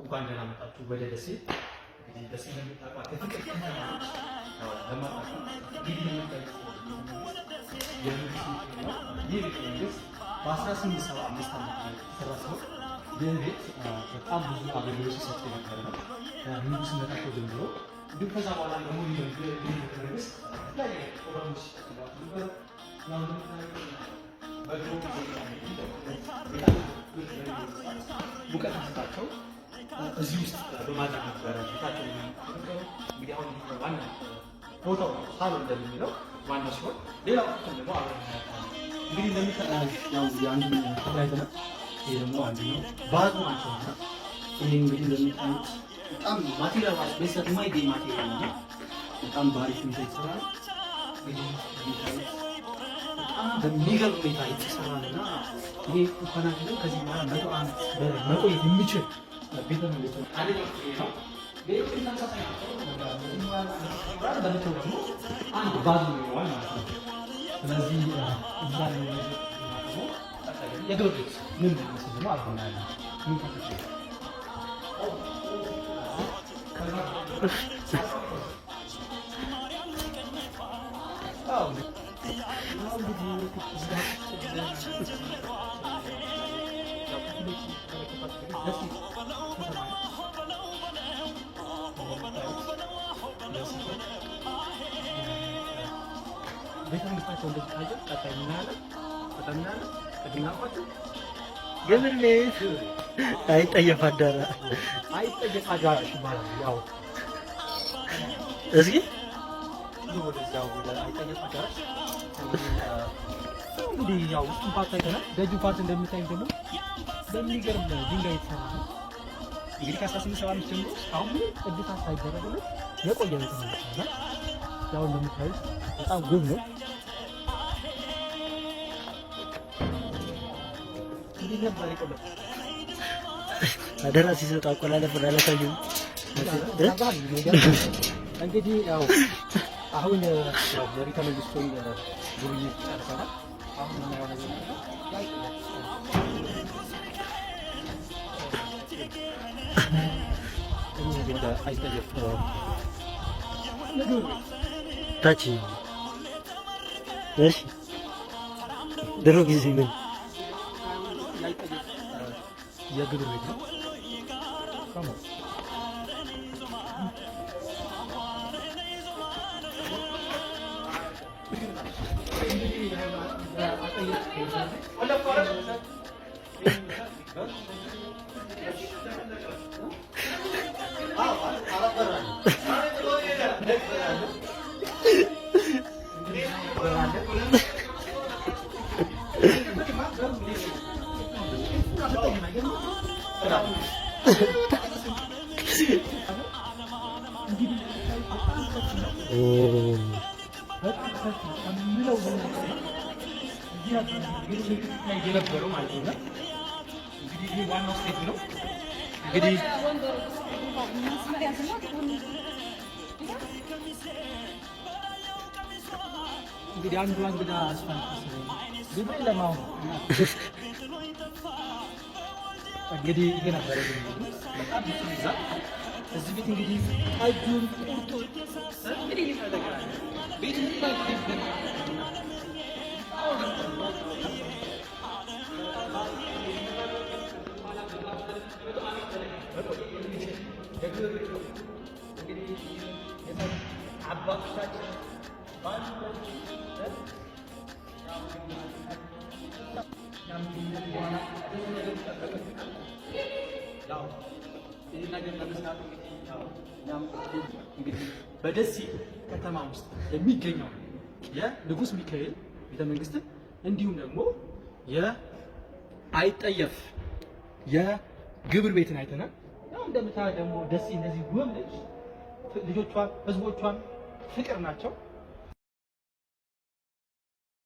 እንኳን ደህና መጣችሁ ወደ ደሴ። ደሴ ለምታውቋት የተሰራ ሲሆን ይህ ቤት በጣም ብዙ አገልግሎት ሲሰጥ የነበረ ነው ጀምሮ። እንዲሁም ከዛ በኋላ ደግሞ ሙቀት እዚህ ውስጥ በማድረግ ነበረ ታቸው እንግዲህ አሁን ዋና ቦታው ሳሎ እንደሚለው ዋና ሲሆን ሌላው ክፍል ደግሞ አብረ እንግዲህ እንደሚጠናው አንዱ ተለያይተናል። ይህ ደግሞ አንደኛው ባዝ ናቸው ይህ እንግዲህ እንደሚጠናት በጣም ማቴሪያል ቤተሰብ የማይገኝ ማቴሪያል ነው። በጣም በአሪፍ ሁኔታ የተሰራ በሚገርም ሁኔታ የተሰራልና ይሄ ፋና ከዚህ በኋላ መቶ ዓመት መቆየት የሚችል ቤተ መንግስት ነው። ስለዚህ ቤተ መንግስታቸው እንደዚህ ካየ ቀጣይ ምን አለ በጣም ምን አለ ቅድናቆት ግብርሌት አይጠየፍ አዳራ አይጠየፍ አዳራሽ ይባላል። ያው እስኪ ወደዛው ወደ አይጠየፍ እንግዲህ ያው ውስጡን ፓርት አይተናል። ደጁ ፓርት እንደምታይ ደግሞ በሚገርም ድንጋይ የተሰራ እንግዲህ ከ1875 ጀምሮ አሁን እድሳት ሳይደረግለት የቆየ ቤተ መንግስት ነው። ያው እንደምታዩት በጣም ውብ ነው። አደራ ሲሰጡ አቆላለፍ አላሳዩም። እንግዲህ ያው አሁን የቤተ መንግስቱን ጉብኝት ጨርሰናል። ታች ድሮ ጊዜ ምን يقدر እንግዲህ እንግዲህ አንዷ እንግዳ አስፋልት እንግዲህ ይሄ ነበር በጣም ይዛ እዚህ ቤት እንግዲህ አጁን ቁርጡ እንግዲህ ቤት አባቶቻችን ባንድ በኋላ ያው ይህን ነገር ለመስራት እንግዲህ በደሴ ከተማ ውስጥ የሚገኘው የንጉስ ሚካኤል ቤተ እንዲሁም ደግሞ የአይጠየፍ የግብር ቤትን አይተናል። ያው እንደምታ ደግሞ ደሴ እነዚህ ውብ ልጆቿን ህዝቦቿን ፍቅር ናቸው።